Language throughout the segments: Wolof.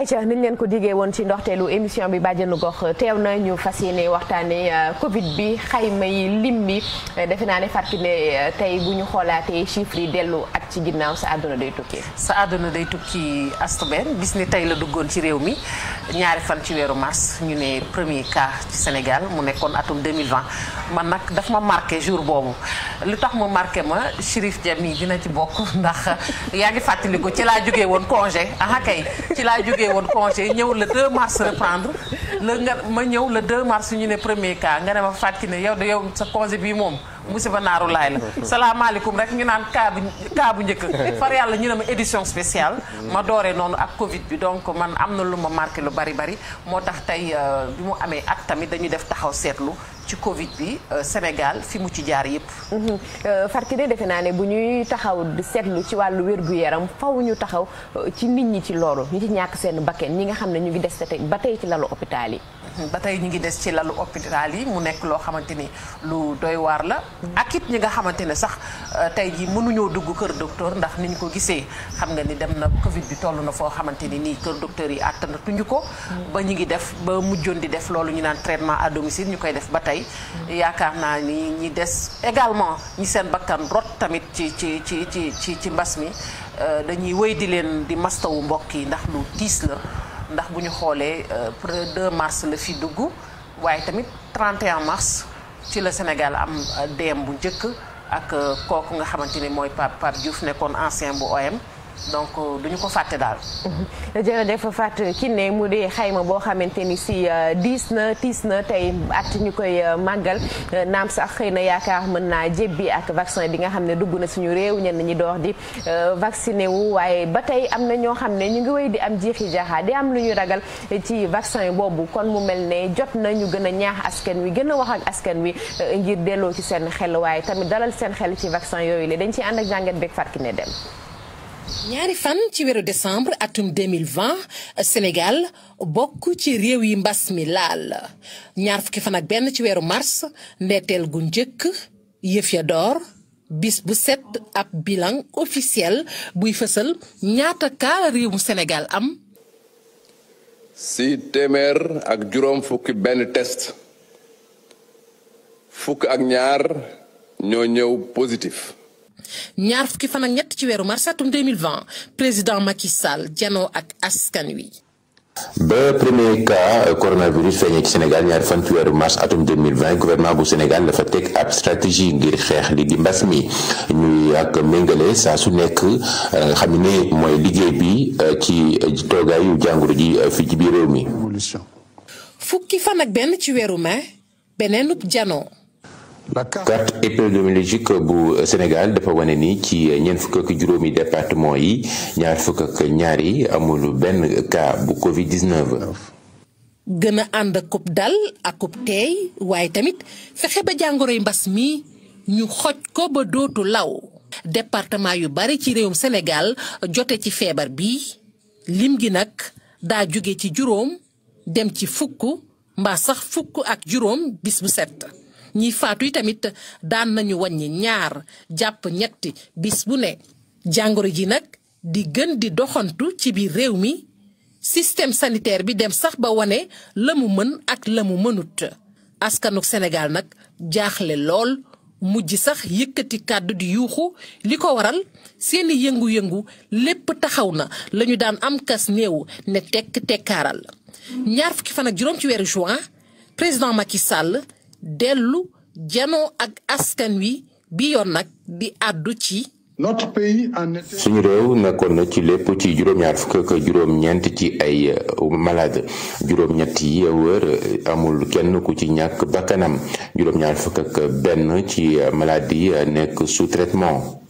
ayca niñ leen ko diggee woon ci ndoxteelu émission bi bàjjenu gox teew na ñu fas yéene waxtaanee euh, Covid bi xayma yi lim bi euh, defe naa ne fàttali ne euh, tey bu ñu xoolaatee chiffres yi dellu at ci ginnaaw sa àdduna day tukki. sa àdduna day tukki astuben gis ni tey la duggoon ci réew mi ñaari fan ci weeru mars ñu ne premier cas ci Sénégal mu nekkoon atum 2020 man nag daf ma marqué jour boobu lu tax ma marqué ma Chérif Diami dina ci bokk ndax yaa ngi fàttaliku ci laa jógee woon congé ah woon congé ñëw le 2 mars reprendre la nga ma ñëw le 2 mars ñu ne premier cas nga ne ma fàttali ne yow de yow sa congé bi moom musiba naaru laay la salaamaaleykum rek ñu naan cas bu njëkk far yàlla ñu ne ma édition spéciale ma dooree noonu ak covid bi donc man am na lu ma marqué lu bari bari moo tax tey euh, bi mu amee at tamit dañu def taxaw seetlu ci Covid bi euh, Sénégal fi mu ci jaar yëpp. Mhm. Euh, Fatou defe naa ne bu ñuy taxaw di seetlu ci wàllu wér-gu-yaram fow ñu taxaw euh, ci nit ñi ci loolu ñu ci ñàkk seen bakken ñi nga xam ne ñu ngi des ba tey ci lalu hôpital yi. ba tey ñu ngi des ci lalu hôpital yi mu nekk loo xamante ni lu doy waar la. ak it ñi nga xamante ne sax euh, tey jii mënuñoo dugg kër docteur ndax ni ñu ko gisee xam nga ni dem na Covid bi toll na foo xamante ni nii kër docteur yi àttanatuñu ko. ba ñu ngi def ba mujjoon di def loolu ñu naan traitement à ñu koy def ba tey. yaakaar naa ni ñi des également ñi seen bakkan rot tamit ci ci ci ci ci ci mbas mi euh, dañuy wéy di leen di mastawu mbokk yi ndax lu tiis la. ndax bu ñu xoolee euh, pour 2 mars la fi dugg waaye tamit 31 mars ci la Sénégal am euh, deem bu njëkk ak euh, kooku nga xamante ni mooy Pape Pape Diouf nekkoon ancien bu OM. donc euh, ñu ko fàtte daal. jërëjëf ki ne mu di xayma boo xamante ni si euh, diis na tiis na tey at ñu koy euh, màggal naam sax xëy na yaakaar mën naa jébbi ak vaccin bi nga xam ne dugg na suñu réew ñenn ñi door di vacciné wu waaye ba tey am na ñoo xam ne ñu ngi wéy di am jiixi jaaxa di am lu ñu ragal ci vaccin boobu kon mu mel ne jot na ñu gën a ñaax askan wi gën a wax ak askan wi ngir delloo ci seen xel waaye tamit dalal seen xel ci vaccin yooyu la dañ ci ànd ak jàngat beeg ki Kiné dem ñaari fan ci weeru décembre atum 2020 Sénégal bokk ci réew yi mbas mi laal ñaar fukki fan ak benn ci weeru mars ndeeteel gu njëkk yëf ya door bis bu set ab bilan officiel buy fësal ñaata kaa réew mu Sénégal am si téeméer ak juróom fukki benn test fukk ak ñaar ñoo ñëw positif ñaar fukki fan ak ñett ci weeru mars atum 2020 président Macky Sall janoo ak askan wi. ba premier cas coronavirus feeñee ci Sénégal ñaari fan ci weeru mars atum 2020 gouvernement bu Sénégal dafa teg ab stratégie ngir xeex li di mbas mi ñuy ak méngale saa su nekk euh, nga xam ne mooy liggéey bi euh, ci toogaayu jàngoro ji euh, fii ci biir réew mi. fukki fan ak benn ci weeru mai beneenub janoo. carte épidémiologique bu Sénégal dafa wane ni ci ñeent fukk ak juróomi département yi ñaar fukk ak ñaar yi amul benn cas bu Covid 19. gën a ànd akub dal akub teey waaye tamit fexe ba jàngoroy mbas mi ñu xoj ko ba dootu law. departement yu bari ci réewum Sénégal jote ci feebar bi lim gi nag daa jóge ci juróom dem ci fukk mbaa sax fukk ak juróom bis bu set. ñiy faatu yi tamit daan nañu wàññi ñaar jàpp ñetti bis bu ne jàngoro ji nag di gën di doxantu ci biir réew mi système sanitaire bi dem sax ba wane la mën ak la mu mënut askanu Sénégal nag jaaxle lool mujj sax yëkkati kàddu di yuuxu li ko waral seeni yëngu-yëngu lépp taxaw na lañu daan am kas néew ne tekk tekkaaral ñaar fukki fan ak juróom ci weeru juin président Macky Sall dellu janoo ak askan wi bi yoon nag di àddu ci suñu réew nekkoon na ci lépp ci juróom-ñaar fukk ak juróom-ñeent ci ay euh, malade juróom-ñett yi wër euh, amul kenn ku ci ñàkk bakkanam juróom-ñaar fukk ak benn ci euh, malade yi nekk sous traitement.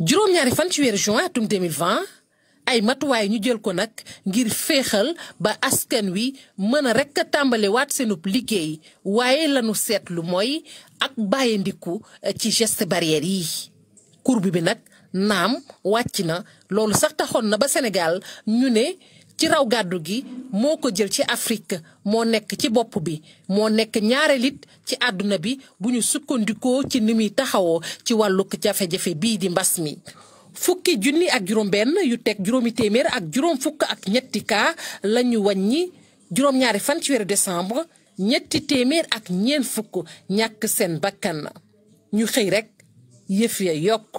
juróom-ñaari fan ci weeru juin atum ay matuwaay ñu jël ko nag ngir féexal ba askan wi mën a rek tàmbale waat seenub liggéey waaye lañu seetlu mooy ak bàyyindiku eh, ci geste barrière yi courbe bi nag naam wàcc na loolu sax taxoon na ba senegal ñu ne ci raw gàddu gi moo ko jël ci Afrique moo nekk ci bopp bi moo nekk ñaareelit ci àdduna bi bu ñu sukkandikoo ci ni muy taxawoo ci wàllug jafe-jafe bii di mbas mi fukki junni ak juróom-benn yu teg juróomi téeméer ak juróom fukk ak ñetti cas la waññi wàññi juróom-ñaari fan ci weeru décembre ñetti téeméer ak ñeent fukk ñàkk seen bakkan ñu xëy rekk yëf ya yokk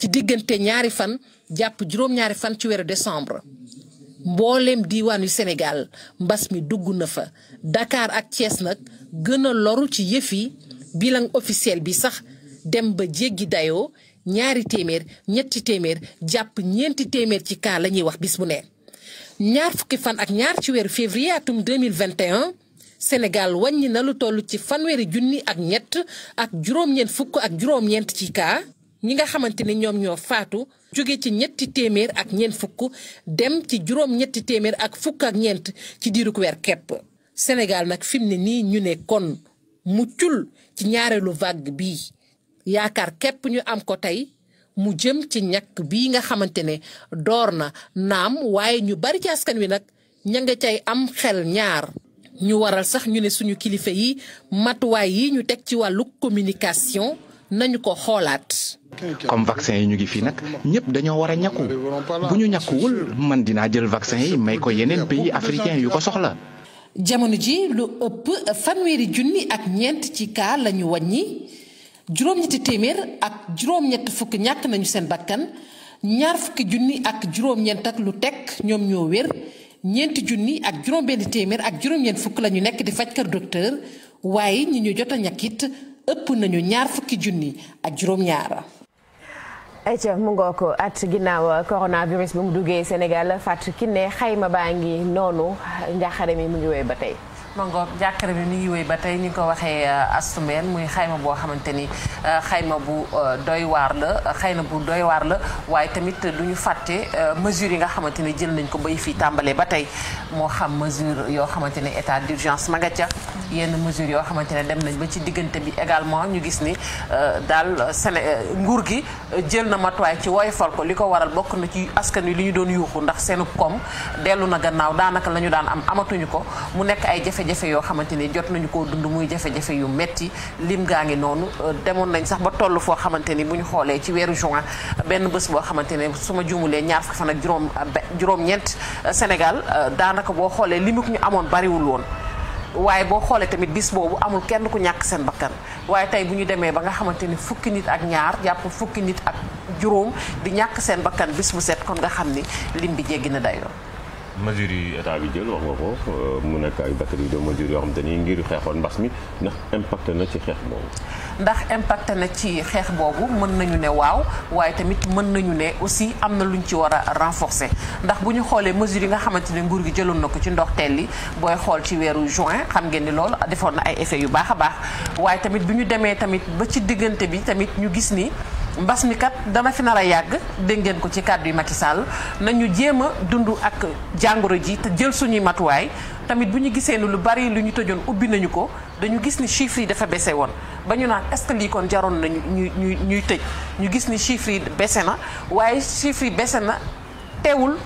ci diggante ñaari fan jàpp juróom-ñaari fan ci weeru décembre. mbooleem diiwaanu Sénégal mbas mi dugg na fa dakaar ak Thiès nag gën a loru ci yëfi bilan officiel bi sax dem ba jéggi dayoo. ñaari téeméer ñetti téeméer jàpp ñeenti téeméer ci cas la ñuy wax bis bu ne. ñaar fukki fan ak ñaar ci weeru février atum 2021 Sénégal wàññi na lu toll ci fanweeri junni ak ñett ak juróom-ñeent fukk ak juróom-ñeent ci cas ñi nga xamante ni ñoom ñoo faatu jóge ci ñetti téeméer ak ñeent fukk dem ci juróom-ñetti téeméer ak fukk ak ñeent ci diirug weer kepp Sénégal nag fi mu nii ñu ne mu muccul ci ñaareelu vague bii yaakaar képp ñu am ko tey mu jëm ci ñàkk bii nga xamante ne door na naam waaye ñu bari ci askan wi nag ña nga cay am xel ñaar ñu waral sax ñu ne suñu kilifa yi matuwaay yi ñu teg ci wàllu communication nañu ko xoolaat. comme yi ñu ngi fii nag ñëpp dañoo war a bu ñu ñàkkuwul man dinaa jël vaccin yi may ko yeneen pays africain yu ko soxla. jamono ji lu ëpp fanweeri junni ak ñeent ci kaa lañu waññi juróom-ñetti téeméer ak juróom-ñetti fukk ñàkk nañu seen bakkan ñaar fukki junni ak juróom-ñeent ak lu tekk ñoom ñoo wér ñeenti junni ak juróom-benn téeméer ak juróom-ñeent fukk la nekk di faj kër docteur waaye ñi ñu jot a ñàkk ëpp nañu ñaar fukki junni ak juróom-ñaar. ayca mu ngoo ko at ginnaaw coronavirus bi mu duggee Sénégal ki ne xayma baa ngi noonu njaaxare mi mu ngi wéy ba tey. mangoog jàkkare bi mi ngi wéy ba tey ni nga ko waxee euh, astumeen muy xayma boo xamante ni euh, xayma bu euh, doy waar la xayma bu doy la waaye tamit du ñu fàtte mesures yi nga xamante ni jël nañ ko bay fii tàmbalee ba tey moo xam mesure yoo xamante ni état d'urgence ma nga ca yenn mesures yoo xamante ne dem nañ ba ci diggante bi également ñu gis ni daal Séné nguur gi jël na matuwaay ci woyofal ko li ko waral bokk na ci askan wi li ñu doon yuuxu ndax seenu koom dellu na gannaaw daanaka la ñu daan am amatuñu ko jafe yoo xamante ni jot nañu koo dund muy jafe-jafe yu metti lim gaa ngi noonu demoon nañ sax ba toll foo xamante ni bu ñu xoolee ci weeru juin benn bés boo xamante ne su ma juumulee ñaar fukki fan ak juróom juróom-ñeent Sénégal daanaka boo xoolee limu ñu amoon bariwul woon. waaye boo xoolee tamit bis boobu amul kenn ku ñàkk seen bakkan waaye tey bu ñu demee ba nga xamante ni fukki nit ak ñaar jàpp fukki nit ak juróom di ñàkk seen bakkan bis bu set kon nga xam ni lim bi jéggi na dayoo. mesures yi état bi jël wax nga ko euh, mu nekk ay batterie de mesures yoo xam te ni ngir xeexoon mbas mi ndax impacté na ci xeex boobu. ndax impacté na ci xeex boobu mën nañu ne waaw waaye tamit mën nañu ne aussi am na lu luñ ci war a renforcer ndax bu ñu xoolee mesures yi nga xamante ne nguur gi jëloon na ko ci ndoxteel li booy xool ci weeru juin xam ngeen ni lool defoon na ay effets yu baax a baax waaye tamit bi ñu demee tamit ba ci diggante bi tamit ñu gis ni. mbas mi kat dama fi nar a yàgg dégg ngeen ko ci kàddu yi Macky sàll nañu jéem a dund ak jàngoro ji te jël suñuy matuwaay tamit bu ñu gisee ni lu bari lu ñu tëjoon ubbi nañu ko dañu gis ni chiffres yi dafa bese woon ba ñu naan est-ce que lii kon jaroon nañu ñu ñuy ñuy tëj ñu gis ni chiffres yi baissé na waaye chiffres yi baissé na teewul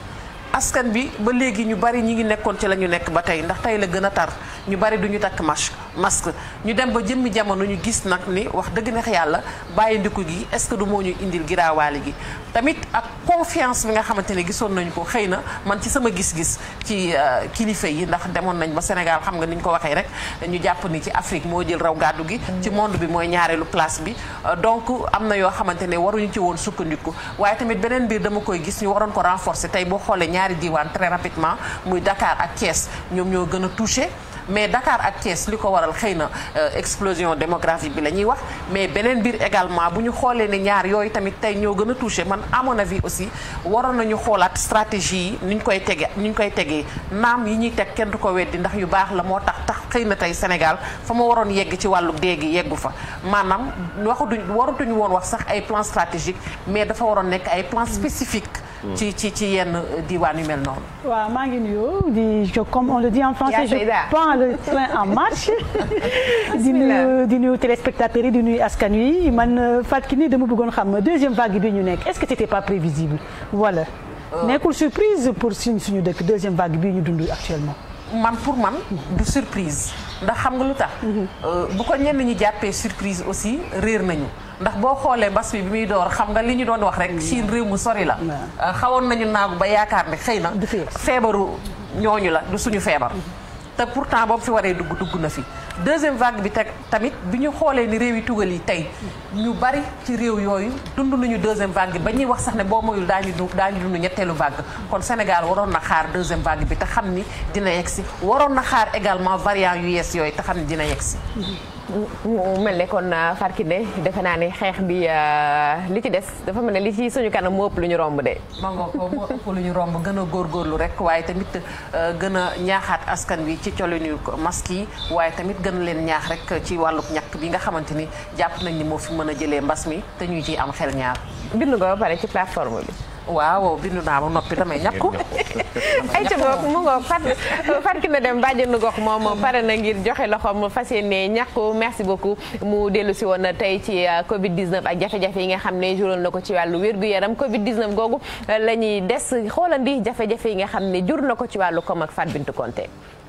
askan bi ba léegi ñu bari ñu ngi nekkoon ci la ñu nekk ba tey ndax tey la gën a tar ñu bari du ñu takk masque masque ñu dem ba jëmmi jamono ñu gis nag ni wax dëgg neex yàlla bàyyi ndiku gi est-ce que du moo ñu indil giraawaale gi tamit ak confiance bi nga xamante ne gisoon nañu ko xëy na man ci sama gis-gis ci euh, kilifa yi ndax demoon nañ ba Sénégal xam nga ni ñu ko waxee rek ñu jàpp ni ci Afrique moo jël raw gàddu gi mm. ci monde bi mooy ñaareelu place bi euh, donc am na yoo xamante ne waruñu ci woon sukkandiku waaye tamit beneen mbir dama koy gis ñu waroon ko renforcer tey boo xoolee ñaari diiwaan très muy Dakar ak Thiès ñoom ñoo gën a touché mais Dakar ak Thiès li ko waral xëy na euh, explosion démographie bi la ñuy wax mais beneen biir également bu ñu xoolee ne ñaar yooyu tamit tey ñoo gën a touché man à mon avis aussi waroon nañu xoolaat stratégie yi ni ñu koy tege ni ñu koy tegee naam yi ñuy teg kenn du ko weddi ndax yu baax la moo tax tax xëy na tey Sénégal fa ma waroon yegg ci wàllu dee yeggu fa maanaam waxu duñ waratuñu woon wax sax ay plan stratégique mais dafa waroon nekk ay plan spécifique Mm. ci ci ci yenn diwaan yu mel noonu. waaw maa ngi nuyu di je comme on le dit en français je prends le train en marche. di nuyu di nuyu yi di nuyu askan wi man euh, Fatou Kiné dama bëggoon xam deuxième vague bi ñu nekk est-ce que c'était pas prévisible voilà. Euh. nekkul surprise pour suñ suñu dëkk deuxième vague bii ñu dund actuellement. man pour man du surprise ndax xam nga lu tax. Mhm. Euh, bu ko ñenn ñi jàppee surprise aussi réer nañu. ndax boo xoolee mbas mi bi muy door xam nga li ñu doon wax rek Chine mm. réew mu sori la euh, xawoon nañu naagu ba yaakaar ni xëy na feebaru ñooñu la du suñu feebar mm-hmm. te pourtant boobu fi waree dugg dugg na fi deuxième vague bi teg tamit bi ñu xoolee ni réew yi tugal yi tey mm. ñu bari ci réew yooyu dund nañu deuxième vague ba ñuy wax sax ne boo moyul daañu du daañu dund ñetteelu vague kon Sénégal waroon na xaar deuxième vague bi te xam ni dina si waroon na xaar également variant yu yees yooyu te xam ni dina si mm-hmm. mu mel ne kon farki euh, Farkinde defe naa ni xeex bi euh, li ci des dafa mel ne li ci suñu kanam moo ëpp lu ñu romb de. ma lu ñu romb gën a góorgóorlu rek waaye tamit euh, gën a ñaaxaat askan wi ci colinu masque yi waaye tamit gën leen ñaax rek ci wàllub ñàkk bi nga xamante ni jàpp nañ ni moo fi mën a jëlee mbas mi te ñuy ciy am xel ñaar. bind nga ba pare ci plateforme bi. waaw bindu naa ba noppi damay ñàkk ay ca ngoog mu ngoog fat fat ki na dem bàjjenu gox moom pare na ngir joxe loxoom fas yéene ñàkku merci beaucoup mu dellu si woon tey ci euh, covid 19 ak jafe-jafe yi nga xam ne juróon na ko ci wàllu wér-gu-yaram covid 19 googu euh, la ñuy des xoolandi jafe-jafe yi nga xam ne jur na ko ci wàllu koom ak Fat Bintou Konté